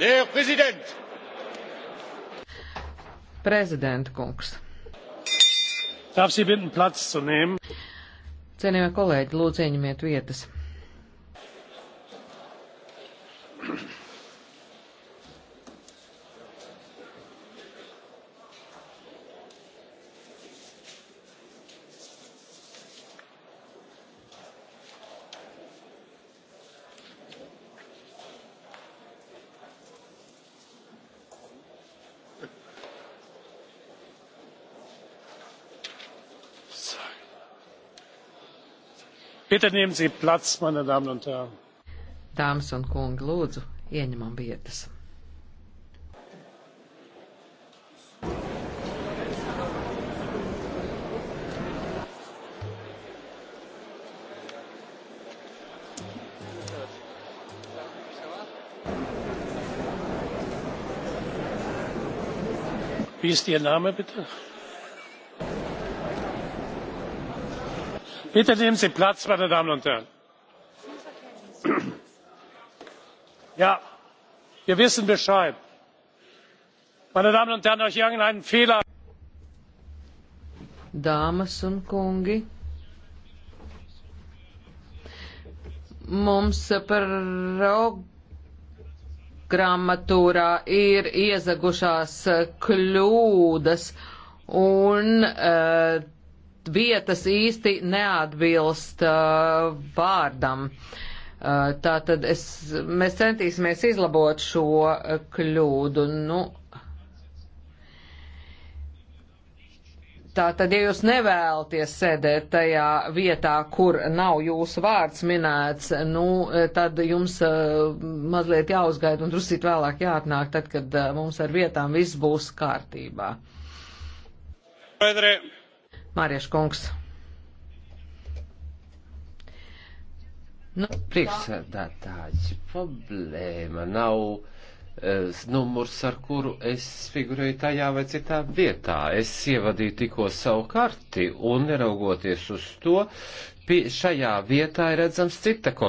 Der Präsident! Prezidenta kungs. Darf Sie bitten, Platz zu nehmen? Cienījamie kolēģi, lūdzu, ieņemiet vietas. Bitte nehmen Sie Platz, meine Damen und Herren. Dāmas un kungi, lūdzu, ieņemam vietas. Wie ist Ihr Name, bitte? bitte nehmen sie platz meine damen und herren! ja wir wissen bescheid. meine damen und herren durch irgendeinen fehler. dāmas un kungi mums programmatūrā ir iezagušās kļūdas un uh, vietas īsti neatbilst uh, vārdam. Uh, tā tad es, mēs centīsimies izlabot šo uh, kļūdu. Nu, tā tad, ja jūs nevēlaties sēdēt tajā vietā, kur nav jūsu vārds minēts, nu, uh, tad jums uh, mazliet jāuzgaida un drusīt vēlāk jāatnāk, tad, kad uh, mums ar vietām viss būs kārtībā. Pēdre. Mārieša kungs. Nu, priekšsēdētāji, problēma nav e, numurs, ar kuru es figurēju tajā vai citā vietā. Es ievadīju tikko savu karti un neraugoties uz to, šajā vietā ir redzams cita kolekcija.